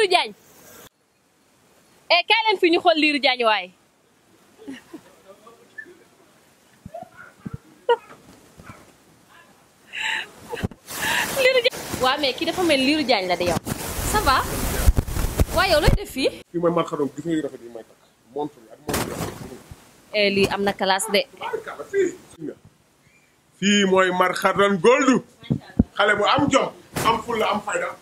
Lirou Diane eh kaay leen waaye. kii dafa mel Lirou Diane la de yow ça waaye yow looy fii. fii mooy marxadam gis yu rafet eh, lii am na classe de. fii mooy marxadam gold xale bu am jom am fulla am fayda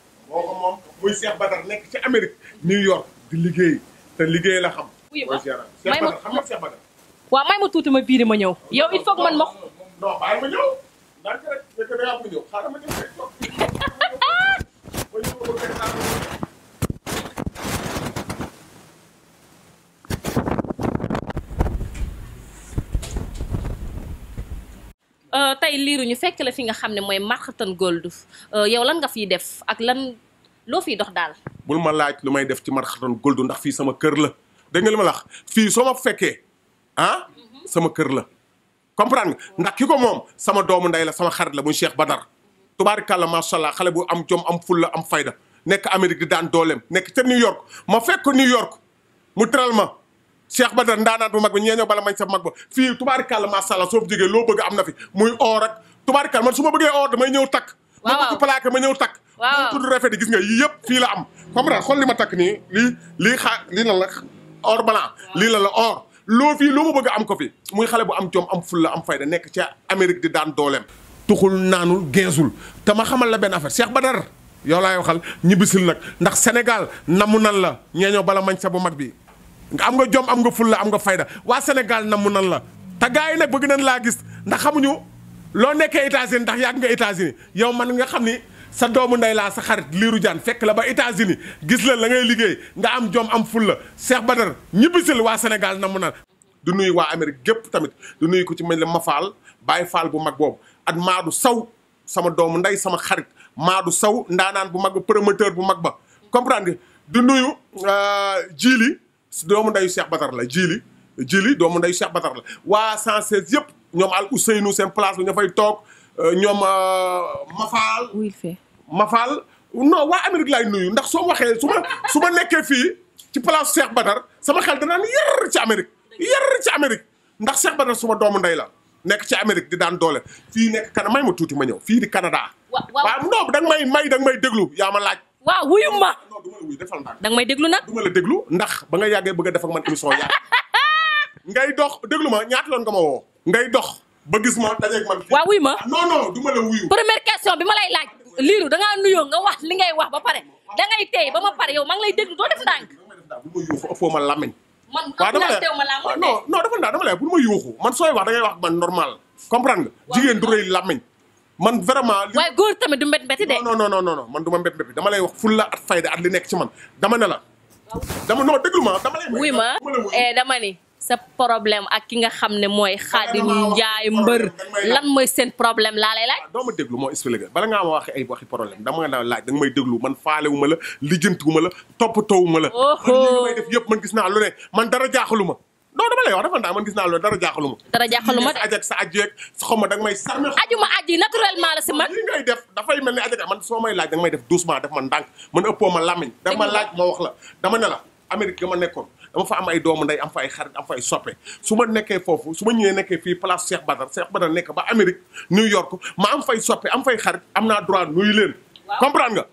moy Cheikh Badar nek ci amerique New York di liggéey te liggéey la xam. moy ma xam nga Cheikh Badar. wa may ma tuuti ma biir ma ñew yow il faut man mo non bàyyi ma ñew ndànk rek fekk na yaa ñew xara ma ñëw rek toog. ma ñëw ma bëgg naa ñu fekk la fi nga xamne moy marxatan Markhatan Gold euh, yow lan nga fi def ak lan loo fiy dox daal. bul ma laaj lu may def ci Marxatan Goldu ndax fii sama kër la dégg ma la fii soo ma fekkee ah, sama kër la comprendre ndax ki ko moom sama doomu ndey la sama xarit la muy Cheikh Badar tubaarikàlla macha allah xale bu am jom am la am fayda nekk Amérique di daan dooleem nekk ca New York ma fekk New York mu teral ma Cheikh Badar ndaanaat bu mag bi ñeeñoo bala mañ sa mag ba fii tubaarikàlla macha allah soo fi jógee loo bëgg am na fi muy or ak tubaarikàlla man su ma bëggee or damay ñëw takk. ma bëgg ma ñëw takk. waaw pour rafet yi gis nga yii yëpp fii la am. comprendre xool li ma takk nii lii lii xaa lii lan la or blanc lii la la or loo fii loo ma bëgg am ko fi muy xale bu am jom am fulla am fayda nekk ca Amérique di daan dooleem. tuxul naanul geesul te ma xamal la benn affaire Cheikh Badar yow laay waxal ñibbisil nag ndax Sénégal namu nan la ñeeñoo bala mañ sa bu mag bi nga am jom am nga fulla am nga fayda waa senegal namu nan la te gars yi nag bëgg nañ laa gis ndax xamuñu loo nekkee États-Unis ndax yàgg nga États-Unis yow man nga xam ni. sa doomu ndey laa sa xarit liiru jaan fekk la ba États-Unis gis la la ngay liggéey nga am jom am ful la Cheikh Badar ñibbisil waa Sénégal na mu a du nuyu waa Amérique gépp tamit du nuyu ko ci mel ne Mafal Baye Fall bu mag boobu ak Maadu Saw sama doomu ndey sama xarit Maadu Saw ndaanaan bu mag ba promoteur bu mag ba comprendre di du nuyu euh, jiili doomu ndeyu Cheikh Badar la jiili jiili doomu ndeyu Cheikh Badar la waa 116 yëpp ñoom al nu seen place bi ña fay toog Euh, ñoom euh, Mafal. Wilfé Mafal waa Amérique laay nuyu ndax soo waxee su ma su ma nekkee fii ci place Cheikh Badar sama xel danaan yar ci Amérique yar ci Amérique ndax Cheikh Badar suma doomu nday la nekk ci Amérique di daan doole fii nekk Canada may ma tuuti ma ñëw fii di Canada. waaw non danga may may danga may déglu yaa ma laaj. waaw wuyu ma. non du defal naa. danga may déglu nag. du ma la déglu ndax ba nga yàggee bëgg a def ak man émission yaa ngay dox déglu ma ñaata yoon nga ma woo. ngay dox. ba gis ma dajeeg man. ma non la wuyu. première question bi ma lay laaj liiru da nuyoo nga wax li ngay wax ba pare da ngay tey ba ma pare yow maa ngi lay déglu doo def ndànk. bu ma yuuxu man teew ma làmmiñ non non dafa ndànk dama lay bu ma man sooy wax da ngay wax man normal comprendre nga. jigéen du rëy làmmiñ man vraiment. waaye góor tamit du mbet mbeti de. non non non non man du ma mbet mbeti dama lay wax fulla at fayda at li nekk ci man dama ne la. dama non déglu ma dama lay. wuy ma dama eh, ni sa problème ak ki nga xam ne mooy Khadim Ndiaye mbër lan mooy seen problème laa lay laaj ah, doo ma déglu moo expliqué bala ma waxee ay problème dama la laaj da nga may déglu man faalewuma la lijjantiwuma la toppatoowuma la man li may def yëpp man gis naa lu ne man dara jaaxaluma non dama lay wax dafa ndaa gis naa lu ne dara jaaxaluma dara jaaxaluma sa ajak sa ajeeg sa xaw ma da nga may sànni ajuma aji naturellement la si man li ngay def dafay mel ni ajak man soo may laaj da may def doucement def ma ndànk man ëppoo ma làmmiñ ma laaj moo wax la dama ne la Amérique ma nekkoon dama fa am ay doomu nday am fa ay xarit am fa ay su ma nekkee foofu su ma ñëwee nekkee fii place Cheikh Badar Cheikh Badar nekk ba Amérique New York ma am fay soppe am fay xarit am naa droit nuyu leen comprendre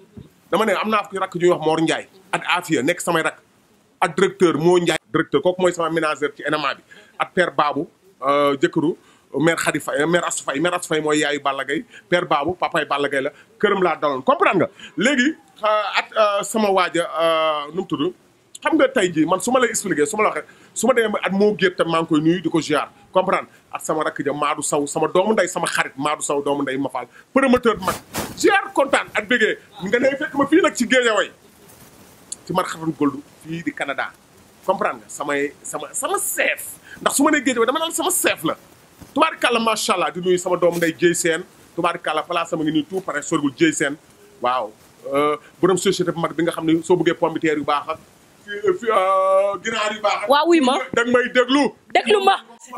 dama ne am naa fi rakk ñuy wax Mor Ndiaye ak nekk samay rakk ak directeur moo Ndiaye directeur kooku mooy sama ménagère ci NMA bi ak père Babou euh, jëkkëru mère Khady Faye euh, mère Assou Faye mère mooy yaayu Balla Gaye père Babou papaay Balla Gaye la këram laa daloon comprendre nga léegi euh, at sama waaja nu mu tudd xam nga tey jii man su ma lay expliquer su ma la waxee su ma demee at moo géet tam maa koy nuyu di ko ziar comprendre ak sama rakk ja Maadou Sow sama doomu ndey sama xarit Maadou Sow doomu ndey ma faal promoteur mag ziar kontaan at bégee nga ma fii nag ci Guédiawaye ci mar xatan goldu fii di Canada samay sama sama chef ndax su ma ne Guédiawaye dama naan sama chef la tubaarikàlla macha allah di nuyu sama doomu ndey Dieye Sène tubaarikàlla place sama ngi nii tout pare sorgul Dieye seen waaw euh, borom société bu mag bi nga xam ne soo bëggee pomme de yu baax Ah, ginaar waaw wuy ma da nga may déglu. déglu ma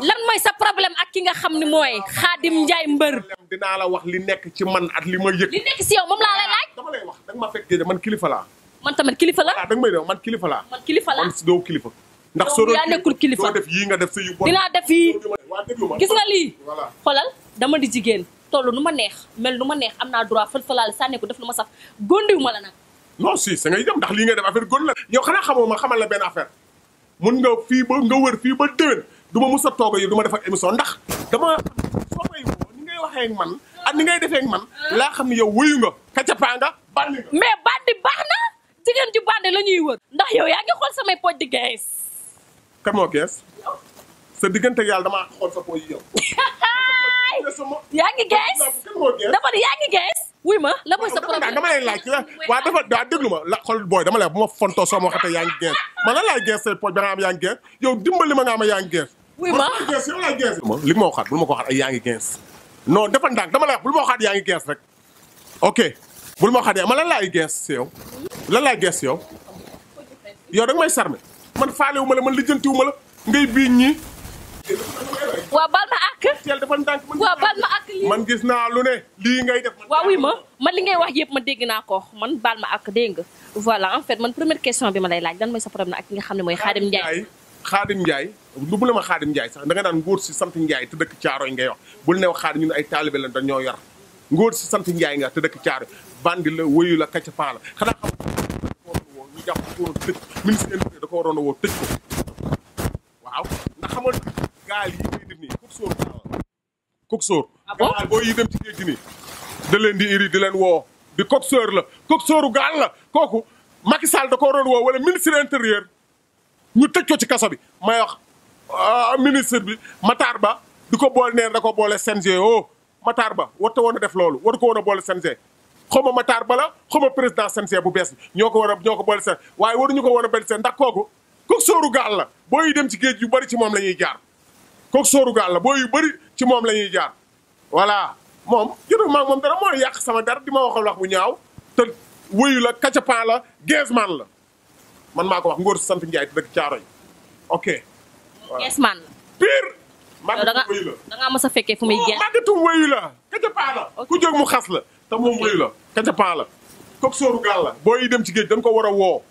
lan mooy sa problème ak ki nga xam ne mooy Xaadim Njaay mbër. dinaa la wax li nekk ci man at li ma yëg. li nekk si yow moom laa lay laaj. dama lay wax da ma man kilifa laa. man tamit kilifa laa. da nga may déglu man kilifa laa. man kilifa laa man doo kilifa. ndax soo yaa kilifa def yii nga def sa yu bon. dinaa def yii gis nga lii. xoolal dama di jigéen toll nu ma neex mel nu ma neex am naa droit fël fëlaale sànneeku def lu ma saf góndiwu ma la nag non si sa ngay dem ndax lii ngay def affaire góor la yow xanaa xamoo ma xamal la benn affaire mun nga fii ba nga wër fii ba déwén du ma mus a toog yi du ma def ak ndax dama soo may woo ni man ak ni ngay defee man laa xam ne yow wuyu nga kacapaa nga bandi nga mais bandi baax na jigéen ju ñuy wër ndax yow yaa ngi xool samay pooj di gees kan moo gees sa diggante yàlla damaa xool sa pooj yi yow yaa ngi gees dama yaa ngi gees wuy ma la mooy sa problème dama lay laaj waa dafa daa déglu ma la xol booy dama lay bu ma fontoo soo ma waxatee yaa ngi gees ma la laay gees pooj ba nga am yaa ngi gees yow dimbali ma nga am yaa ngi gees wuy ma gees yow laay gees ma li ma waxaat bul ma ko waxaat ay yaa ngi gees non dafa ndànk dama lay wax bul ma waxaat yaa ngi gees rek ok bul ma waxaat yaa ma lan laay gees yow lan laay gees yow yow da may sarme man faalewu la man lijjantiwu la ngay biiñ ñii waaw bal ma àkk. waaw bal ma àkk lii. man gis naa lu ne lii ngay def. waaw wuy ma man li ngay wax yëpp ma dégg naa ko man bal ma ak dégg nga. voilà en fait man première question bi ma lay laaj lan mooy sa problème ak ki nga xam ne mooy. Xaadim Ndiaye Xaadim sax da nga naan ngóor si sant Ndiaye te dëkk Caaroy ngay wax la ne wax Xaadim ñun ay taalibe lañ dañoo yar ngóor si sant Ndiaye nga te dëkk Caaroy bandi la wóyu la kàcc paa la xanaa xam nga da ko a woo tëj ko ministre da ko waroon a woo gaal yi ngay def nii cook ah boo yi dem ci géej gi nii da leen di iri di leen woo di cook la cook sóoru gaal la kooku Macky Sall da ko waroon woo wala ministre intérieur ñu tëj ko ci kaso bi may wax ah, ministre bi mataar Ba du ko boole neen da ko boole CNG o oh, Matar Ba warta woon a def loolu war ko woon a boole CNG xaw ma Matar Ba la xaw ma président CNG bu bees bi ñoo ko war ñoo ko boole seen waaye waruñu ko war a benn seen ndax kooku cook sóoru gaal la booy dem ci géej yu bari ci moom la ñuy jaar kooku sooru gaal la booy yu bëri ci moom la ñuy jaar voilà moom jotu maag moom dara mooy yàq sama dara di ma waxal wax bu ñaaw te wëyu la kacapan la geesman la man maa ko wax ngóor sant Ndiaye te dëkk Caaroy ok geesman la pire fekkee fu muy oh, ku jóg mu xas la te moom wëyu la kacapan la kooku sóoru gaal la booy yi dem ci géej dañ ko war a woo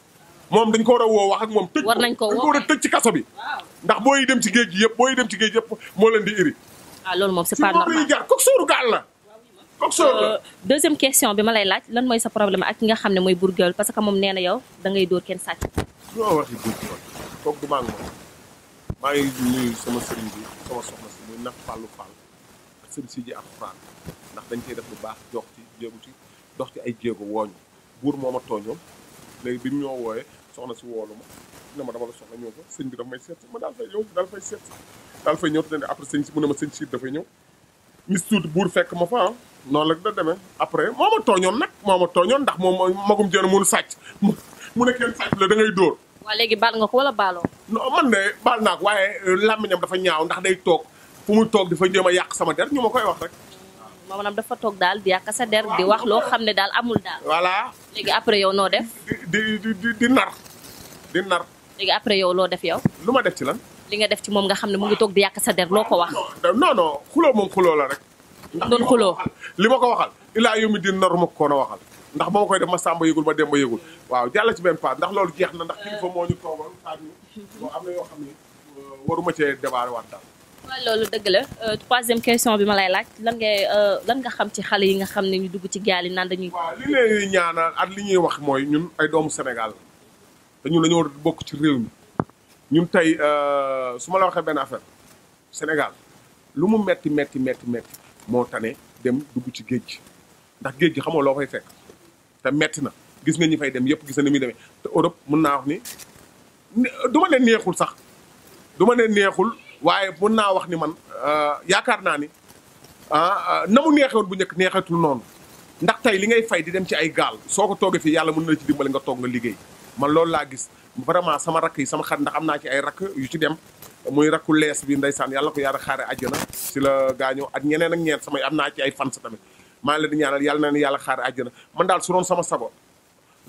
mom dañ ko wara a wax ak mom tecc war nañ ko wo war a ci kasso bi ndax boy dem ci geej gi yëpp dem ci geej yëpp mo leen di iri ah lool mom c'est pas normal si moom jaar kooku sóoru gaal la kooku sóoru euh, deuxième question bi ma lay laaj lan moy sa problème ak nga xamne moy mooy parce que mom neena yow da ngay door ken sacc doo waxi burgeel kooku du mang ngi ngi nuyu sama serigne bi sama soxna ci muy nak fallu fall ak sëriñ si ji ak fall ndax dañ cey def lu baax jox ci jéegu ci dox ci ay jéego wooñu bour moma toñu tooñoon bi ñoo woyé soxna si woolu ma ne ma dama la soxla ñëw fa sëñ bi dafa may seet ma daal fay yow daal fay seet daal fay ñëw te après sëñ si mu ne ma sëñ siir dafay ñëw mis tuuti buur fekk ma fa non la da demee après moo ma tooñoon nag moo ndax moom magum jën mënu sàcc mu ne kenn sàcc la da ngay dóor waa léegi baal nga ko wala baaloo non man de baal naa ko waaye euh, dafa ñaaw ndax day toog fu muy toog dafa jéem a sama der ñu ma koy wax rek mm, maanaam dafa toog daal di yàq sa der di wax loo xam dal amul dal. voilà léegi après yow noo def di di di di nar di nar. léegi après yow loo def yow. lu ma def ci lan. li nga def ci moom nga xam ne mu ngi toog di yàq sa der loo ko wax. non non xuloo moom xuloo la rek. ndax doon xuloo li ma ko waxal. ilaa yomi di naru ma ko koon a waxal ndax ba ma koy def ma sàmba yëgul ma dem ba yëgul waaw jàll ci benn paas ndax loolu jeex na ndax kilifa moo ñu toogal xaar ñu boo am na yoo xam ne euh, dëgg la euh, troisième question bi ma lay laaj lan ngay euh, lan nga xam ci xale yi nga xam ne ñu dugg ci gaal yi naan dañuy. waaw li leen ñaanal at li ñuy wax mooy ñun ay doomu Sénégal te ñun dañoo bokk ci réew mi ñun tey euh, su ma la waxee benn affaire Sénégal lu mu metti metti metti metti moo tane dem dugg ci géej ndax géej gi xamoo loo fay fekk te metti na gis nga ñi fay dem yëpp gis na muy deme te Europe mën naa wax ni du ma leen neexul sax du ma leen neexul waaye mën naa wax ni man euh, yaakaar naa ni ah euh, na mu neexewoon bu njëkk neexatul noonu ndax tey li ngay fay di dem ci ay gaal soo ko toogee fii yàlla mën na la ci dimbale nga toog nga liggéey. man loolu laa gis vraiment sama rakk yi sama xarit ndax am na ci ay rakk yu ci dem muy rakku lees bi ndeysaan yàlla ko yàlla xaare àjjana si la gaañoo ak ñeneen ak ñeent sama am naa ci ay fans tamit maa leen di ñaanal yàlla na leen yàlla xaare àjjana man daal su doon sama sabo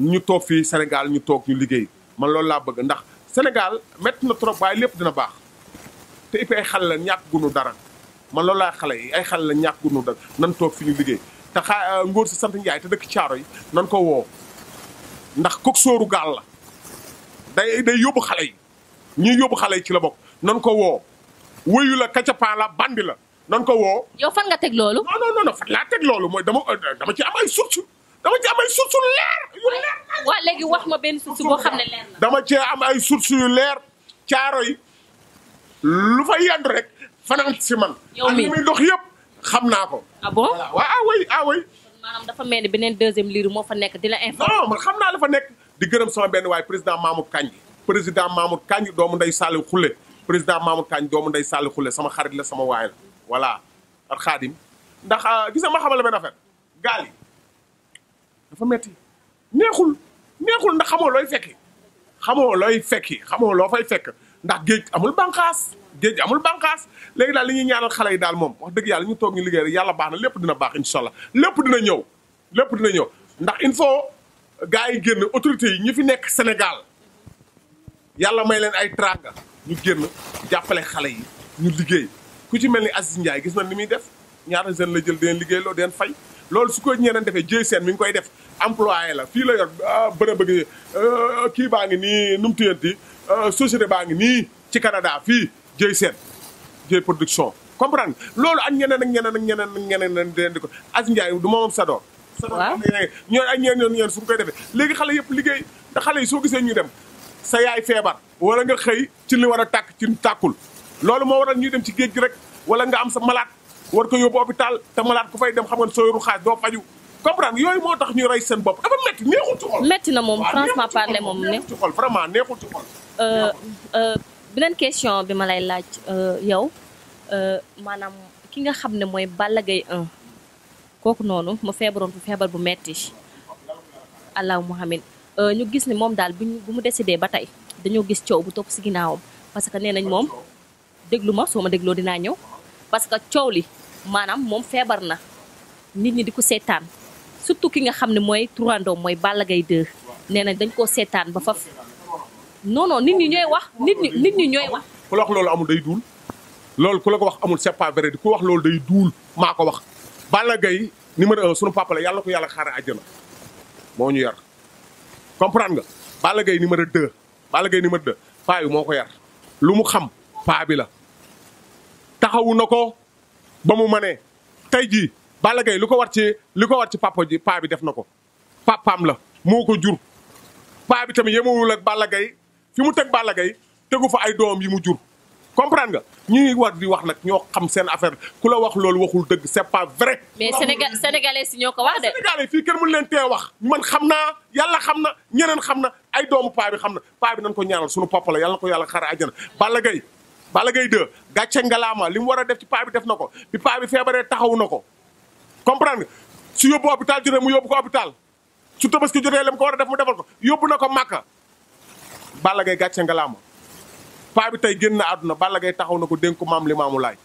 ñu toog fii senegal ñu toog ñu liggéey man loolu laa bëgg ndax Sénégal métti na trop waaye lépp dina baax te it ay xale la ñàkk gunu dara man loolu laa xale yi ay xale la ñàkk gunu dara nan toog fi ñu liggéey te xaa ngóor si dëkk Caaro yi nan ko woo ndax kook sooru gaal la day day yóbbu xale yi ñuy yóbbu xale yi ci la bokk nan ko woo wéyu la kacapaa la bandi la nan ko woo. yow fan nga teg loolu. non non non laa teg loolu mooy dama euh, dama ci am ay source dama ci am ay source yu leer yu leer. waaw léegi wax ma benn source boo xam ne leer la. dama cee am ay source yu leer caaro yi lu fa yend rek fanaan si man. yow muy dox yëpp xam naa ko. ah bon waaw ah, ah maanaam dafa mel ni beneen deuxième liir moo fa nekk di la informer. non xam naa la fa nekk di gërëm sama benn waay président Mamoud Kañ président Mamoud Kañ doomu nday Saliou Khoule président Mamoud Kañ doomu nday Saliou Khoule sama xarit la sama waay la voilà ak xaadim ndax euh, gis nga ma xamal la benn affaire gaal yi dafa metti neexul neexul ndax xamoo looy fekki xamoo looy fekki xamoo loo fay fekk ndax géej amul bànqaas géej amul bànqaas léegi daal li ñuy ñaanal xale yi daal moom wax dëgg yàlla ñu toog ñu liggéey rek yàlla baax na lépp dina baax incha allah lépp dina ñëw lépp dina ñëw ndax il faut gars yi génn autorité yi ñu fi nekk Sénégal yàlla may leen ay tranga ñu génn jàppale xale yi ñu liggéey ku ci mel ni Aziz Ndiaye gis na ni muy def ñaata jeune la jël deen liggéey loo deen fay loolu su koy ñeneen defee jëy seen mi ngi koy def employé la fii la yor ah, bën a bëgg euh, kii baa ngi nii nu mu tuyanti euh, baa ngi nii ci Canada fii Dieye Sène Dieye production comprendre lolou ak ñeneen ak ñeneen ak ñeneen ak ñeneen ak ñeneen di ko Aziz Ndiaye du moomam Sador. waaw ñoom ak ñeen ñoon ñeneen su ko koy defee xalé xale yëpp liggéey ndax xale yi soo ñu dem sa yaay feebar wala nga xey ci li wara tak ci takul lolou mo waral ñu dem ci géej gi rek wala nga am sa malade war ko yóbbu hôpital te malade ku fay dem xam nga soo yoru do doo faju comprendre yoy moo tax ñu ray seen bop dafa metti neexul ci xol metti na mom franchement parler moom neexul ci xol vraiment neexul ci xol euh euh beneen question bi ma lay laaj euh, yow euh, maanaam ki nga xam ne mooy Balla gay 1 kooku noonu mu feebaroon fu feebar bu metti allahu muhammin euh, ñu gis ni moom daal bu mu décidé ba tey dañoo gis coow bu topp si ginnaawam parce que nee nañ moom déglu ma soo ma dégloo dinaa ñëw parce que coow li maanaam moom feebar na nit ñi di ko seetaan surtout ki nga xam ne mooy turandoom mooy Balla gay 2 nee nañ dañ koo seetaan ba fa non non nit ñi ñooy wax nit ku la wax loolu amul day duul loolu ku la ko wax amul c'est pas di ku wax loolu day duul maa ko wax. Balla Gaye numéro un sunu yàlla ko yàlla xaare àjjana moo ñu yar comprendre nga Balla Gaye numéro deux Balla Gaye numéro yi moo ko yar lu mu xam paa bi la taxawu na ko ba mu mënee tey jii Balla gay lu ko war ci li ko war ci papa ji paa bi def na ko papaam la moo ko jur paa bi tamit yemewul ak Balla gay fi mu tek Balla Gaye tegu fa ay dom yi mu jur comprendre nga ñi war di wax nak ñoo xam seen affaire kula wax lool waxul deug c'est pas vrai. mais Sénégal sénégalais si ñoo ko wax de. sénégalais fi kenn mu leen té wax man xamna yalla xamna ñeneen xamna ay dom pa bi xamna pa bi nañ ko ñaanal suñu papa la yalla ko yalla xara aljana Balla Gaye Balla Gaye de gàcce ngalama lim wara def ci pa bi def nako bi pa bi feebaree taxaw nako comprendre su yobbu hôpital jotee mu yobbu ko hôpital su tabaski jotee lam ko wara def mu defal ko yobbu nako makka bala Gaye gàcce nga laama paa bi tey génn na àdduna Balla Gaye taxaw na ko dénk ko maam li maamu laay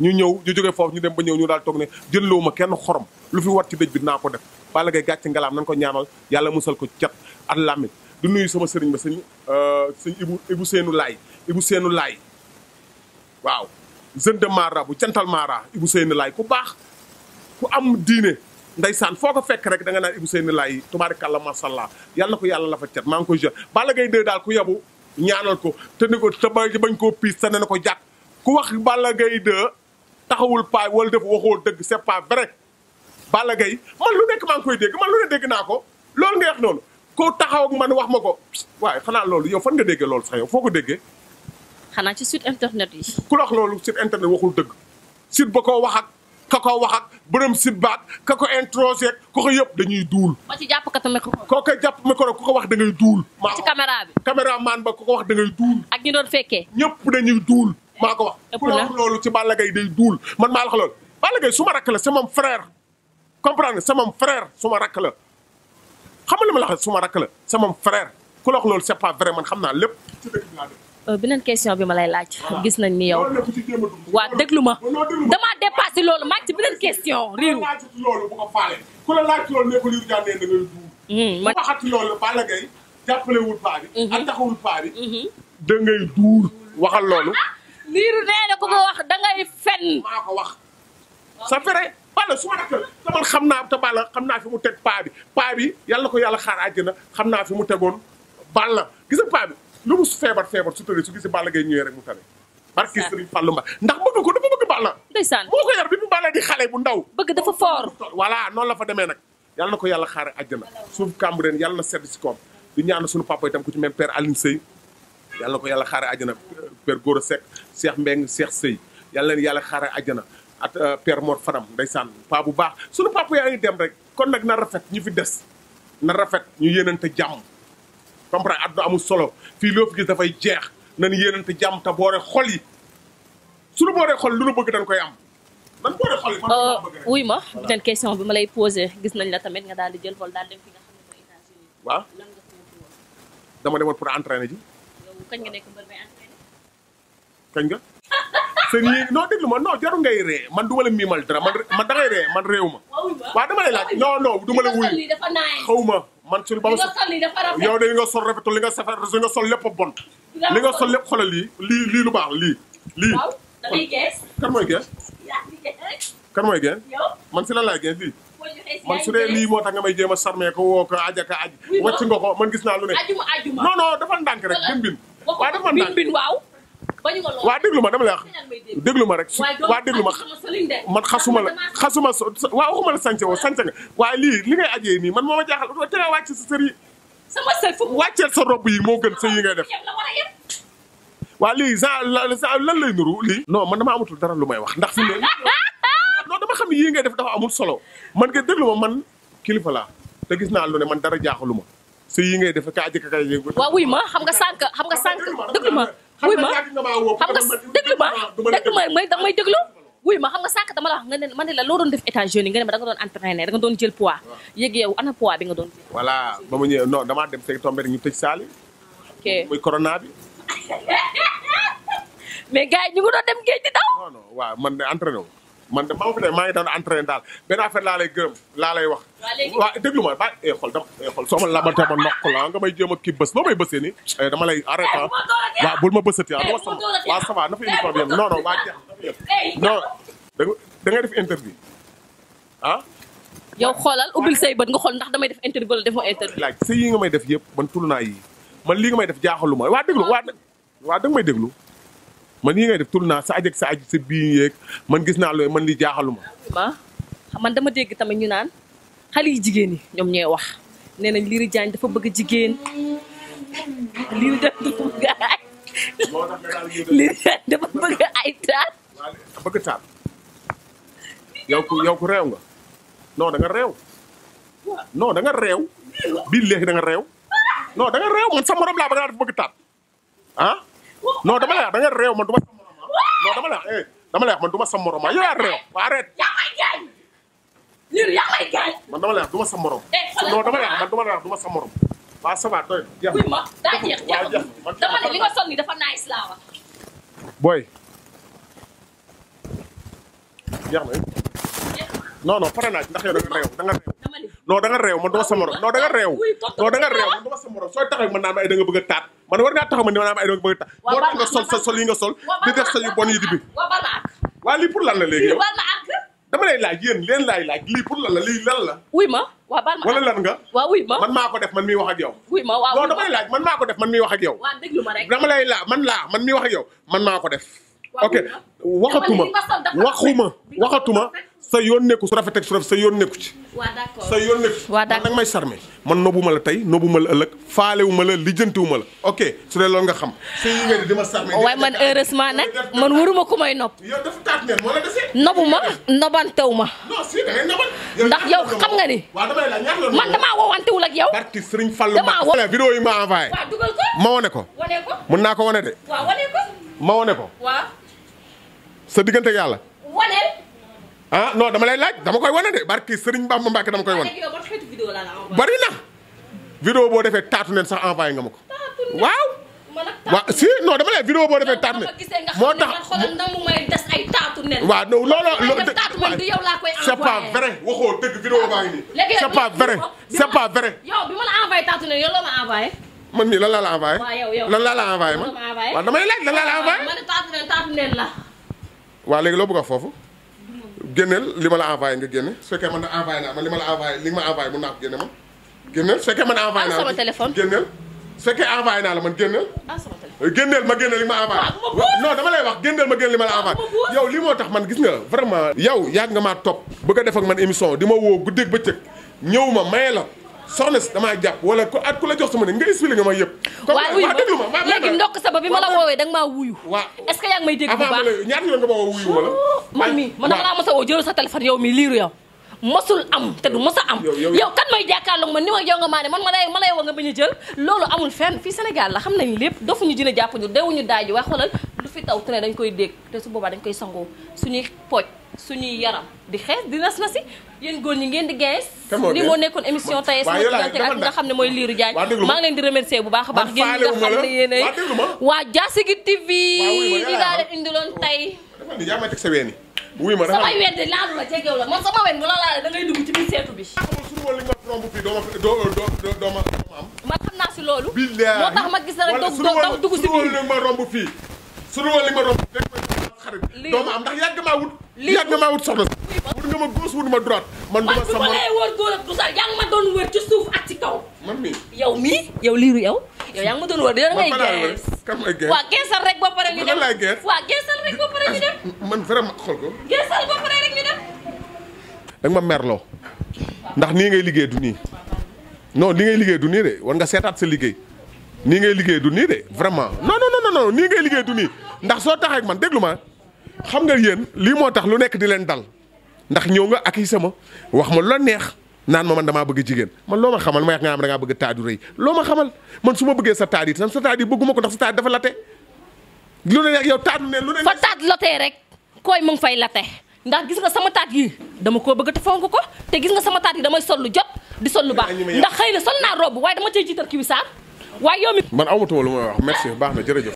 ñu ñëw ñu jógee foofu ñu dem ba ñëw ñu daal toog ne jënloo ma kenn xorom lu fi war ci dëj bi naa ko def Balla Gaye gàcce ngalaam nan ko ñaanal yàlla musal ko cat at làmmit du nuyu sama sëriñ ba sëñ euh, sëñ ibu ibu seenu laay ibu seenu laay waaw jeune de mara bu cantal mara ibu seenu laay ku baax ku am diine ndeysaan foo ko fekk rek da nga naan Ibou Seyni Laye tubaarikàlla masàllaa yàlla na ko yàlla la fa cet maa ko koy jël Balla Gaye 2 daal ku yabu ñaanal ko te ni ko te bañ koo piis te ne na ko jàkk ku wax Balla Gaye 2 taxawul paa wala def waxoo dëgg c'est pas vrai Balla Gaye man lu nekk maa ngi koy dégg man lu ne dégg naa ko lool nga wax noonu ko taxaw ak man wax ma ko waaye xanaa loolu yow fan nga déggee lool sax yow foo ko déggee xanaa ci site internet yi ku wax loolu site internet waxul dëgg site ba koo ka ko wax ak bërëm si baat ka ko introsé ku ko yëpp dañuy duul. ba ci jàppkatu micro. koo jàpp micro ku ko wax da ngay duul. maa ci caméra bi. ba ku ko wax da ngay duul. ak ñi doon fekkee. ñëpp dañuy duul. maa ko wax ku loolu ci Balla Gaye day duul man maa la ko lool. Balla Gaye su la c'est mon frère comprendre nga c'est mon frère su ma la xam nga ma la wax su la c'est mon ku la wax loolu c'est pas vrai man xam na lépp Euh, beneen question bi ma lay laaj ah. gis nañ ni yow waa déglu ma damaa dépassé loolu maa ngi ci beneen question riiru loolu bu ko faale ku la laaj loolu ne ngay hmm, ma waxati loolu Balla Gaye jàppale wul paa bi ak hmm. da ngay duur waxal loolu liiru ah, nee na ku ko wax da fen maa ko Balla su ma rakkal damal xam naa te Balla xam naa fi mu teg paa bi paa bi yàlla ko yàlla xaar àjjana xam naa fi mu tegoon Balla gis nga lu mu feebar feebar su tëddee su gisee Balla Gaye ñëwee rek mu tane. barki Sëriñ Fallu Mba ndax bëgg ko dafa bëgg Balla. ndeysaan moo ko yar bu ndaw. bëgg dafa fort. voilà noonu la fa demee nag yàlla na ko yàlla xaare àjjana suuf Cambérène yàlla na sedd si koom di ñaan suñu papa itam ku ci mel père Aline Sey yàlla na ko yàlla xaare àjjana père Gora Seck Cheikh Mbeng Cheikh Sey yàlla leen yàlla xaare àjjana ak euh, père Mor Fadam ndeysaan pa bu baax suñu papa yaa ngi dem rek kon nag na rafet ñu fi des na rafet ñu te jàmm comprendre àdduna amul solo fii loo fi gis dafay jeex nañ yéenante jàmm te boore xol yi suñu booree xol lu nu bëgg dañ koy am. man euh, booree wuy ma beneen question bi ma lay pose gis nañ la tamit nga daal di jël vol daal dem fi nga xam ne waaw dama demoon pour entraîner ji. yow kañ nga nekk nga. sëñ yi non déglu ma non jarul ngay ree man du ma la miimal dara man man dangay ree man réew ma. waaw dama lay laaj non non du ma la wuyu xaw ma. man sur ba ma yow de li nga sol rafetul li nga safar li nga sol lépp a bon. li nga sol lépp xoolal lii lii lii lu baax lii. lii waaw da ngay kan mooy gees. kan mooy gees. man si lan laay gees lii. man su dee lii moo tax nga may jéem a charmer ko woo ko aja ka aj wàcc nga man gis naa lu ne. ajuma ajuma dafa ndànk rek bin bin. waaw dafa ndànk waa déglu ma dama lay wax déglu ma rek waa déglu ma man xasuma la xasuma waa waxuma la sànce woo sànce nga waaye lii li ngay ajee nii man moo ma jaaxal te nga wàcc sa sër yi wàcceel sa robb yi moo gën sa yi ngay def waa lii genre lan lay nuru lii non man dama amatul dara lu may wax ndax fi ne non dama xam ne yii ngay def dafa amul solo man nga déglu ma man kilifa laa gis naa lu ne man dara jaaxalu ma sa yi ngay def ka ajëkka kay waaw wuy ma xam nga sànq wuy ma xam nga déglu ma déglu ma may danga wuy ma xam nga sànq dama la wax nga ne ma ne la loo doon def état jeune yi nga ne ma da nga doon entraîné da doon jël poids yéeg yow ana poids bi nga doon jël voilà dem fekk tombé rek ñu tëj saali ok muy corona bi mais gars yi ñu ngi doon dem géej di daw waaw man entraîné wu man de maa ngi fi maa ngi daan entraîné daal benn affaire laa lay gërëm laa lay wax. waaw déglu ma ba eh xool dama eh xool soo ma lambante ma nokk la nga may jéem a kii bës eh, dama lay arrêté ah eh, waaw ma bësati ah dama sama waaw ça va na fa émission bi yem non non waa jeex eh, non da ngay def interview ah. yow xoolal ubbil say bët nga xool ndax damay def interview wala defoo interview. laaj sa yi nga may def yëpp man tullu naa yii man lii nga may def jaaxalu ma waa déglu waa waa danga may déglu man yi ngay def tourna sa ajak sa aj sa biin yek man gis na looy man li jaaxaluma man dama deg tamit ñu naan xali jigeen jigéen yi ñoom ñooy wax nee liri liiri dafa bëgg liri def dafa bëgg ay liri dafa bëgg ay taal bëgg taat yow ko yow ko rew nga no da nga rew no da nga rew bii léegi da nga rew no da nga rew man sa morom la bëgg naa bëgg ah non dama la da nga réew man du ma sa morom ah. non dama la eh dama la man du ma sa morom ah. yow yaa réew waa arrête. yaa may gaañ liir yaa may gaañ. man dama la du ma sa morom. Eh, non dama la man dama la du ma sa morom. waaw ça va doy na. kuy ma daa jeex jeex dama ne li nga sol ni dafa nice laa wax. booy jeex na. Eh. non non pare naa ndax yow nga réew da nga réew man duma sa morom non da man duma sa sooy taxaw man naa am ay nga bëgg a taat man war ngaa taxaw man naa am ay nga bëgg a taat soo tax nga sol sa sol yi nga sol di def sa yu bon yi di waa lii pour lan la léegi yow dama lay laaj yéen pour lan la lii lan la wuy ma waa baal ma lan nga waaw man maa ko def man miy wax ak yow wuy ma waaw laaj man maa ko def man miy wax yaw yow waaw déglu ma rek dama lay laaj man laa man miy wax ak yow man maa ko def ok waxatuma waxuma waxatuma sa yoon nekku su rafet ak su rafet sa yoon nekku ci. sa yoon nekku ci. may sarme man noobuma la tey noobuma la ëllëg faalewuma la lijjantiwuma la ok su dee loolu nga xam. sa yi nga di dama sarme. waaye man heureusement nag man waruma ku may nopp. yow dafa taat neen moo la desee. nobuma nobantewuma. non ndax yow xam nga ni. man damaa woowantewul ak yow. barki Serigne Fallou damaa woo. ma envoyé. waaw ma wane ko. wane naa ko wane de. ma wane ko. waaw. sa diggante yàlla. ah non dama lay laaj dama koy wane de barki Sëriñ Bamba Mbàkke dama koy ah, wane. bari na. vidéo boo defee taatu neen sax envoyé nga ma ko. waaw. waaw si non dama lay vidéo boo defee taatu neen. moo tax waaw non looloo c'est pas vrai waxoo dëgg vidéo baa ngi nii. Ah, c'est pas vrai c'est pas vrai. yow bi ma la envoyé taatu neen yow loo ma envoyé. man mii lan laa la envoyé. lan laa la envoyé man. waaw damay laaj lan laa la envoyé. waaw léegi loo bëgg a foofu génneel li ma la envoyé nga génne su fekkee man na envoyé naa man li ma la envoyé li nga ma envoyé mun naa ko génne man génneel su fekkee man envoyé naa sama téléphone génneel su fekkee envoyé naa la man génneel eh, génneel ma génneel li ma envoyé ah, non dama lay wax génneel ma génneel li ma la ah, envoyé yow li moo tax man gis nga vraiment yow yàgg nga maa topp bëgg a def ak man émission di ma woo guddeeg bëccëg ñëw ma maye la soxna si damaa jàpp wala ku at ku la jox sama ne nga expliqué nga ma yëpp waaw wuyu ma léegi ndokk saba bi ma la woowee da nga maa wuyu. que yaa may dégg bu baax ñaata yoon nga ma woo wuyu ma la. man mii man dama laa mos a woo jël sa téléphone yow mi liiru yow mosul am te du mosa am yow kan may jakarlo man ni ma yow nga mané man ma lay ma lay wa nga bañ jël lolu amul fenn fi Sénégal la xam nañ lépp dofuñu dina jàppuñu dewuñu daaju waaye xoolal lu fi taw tune dañ koy dégg té su boba dañ koy sango suñuy poj suñuy yaram di xéx di nas na si yéen góor ñi ngeen di gees ni mo nekkon émission tay sama diggante ak nga xam moy liru Lirou ma ngi leen di remercier bu baax baax ngeen nga xam ne yéen ay waa Diassigui TV li laa leen sa wéni wuy ma dafa samay wedd laalu la jegew la man sama wedd bu la laalee da ngay dugg ci biir seetu bi. xam ah, nga suñu li nga romb fii doo ma doo doo doo ma am. man xam naa si loolu. billaay moo tax ma gis rek doog doog dugg si ma romb fii suñu li ma romb fii dégg am ndax yàgg maa wut. yàgg nga maa wut soxna wut nga ma gauche wut ma droite man du ma sama man bu du ma doon ma doon ndax nii ngay liggéey du nii non li liggéey du nii war nga seetaat sa liggéey nii liggéey du nii vraiment non non liggéey du nii ndax soo taxee ak man ma xam nga yéen lii moo tax lu nekk di leen dal ndax ñëw nga ak sama wax ma loo neex naan ma man damaa bëgg jigéen man loo ma xamal ma yàq nga am da ngaa bëgg taadu rëy loo ma xamal man su ma bëggee sa taat yi tam sa taat yi bëgguma ko ndax sa taat dafa late lu ne yow taatu ne lu ne fa taat lotee rek koy mu ngi fay late ndax gis nga sama taat yi dama koo bëgg te fonk ko te gis nga sama taat yi damay sol lu jot di sol lu baax ndax xëy na sol naa robb waaye dama cay jiital kii bi saar waaye yow mi man awmatuma baax na jërëjëf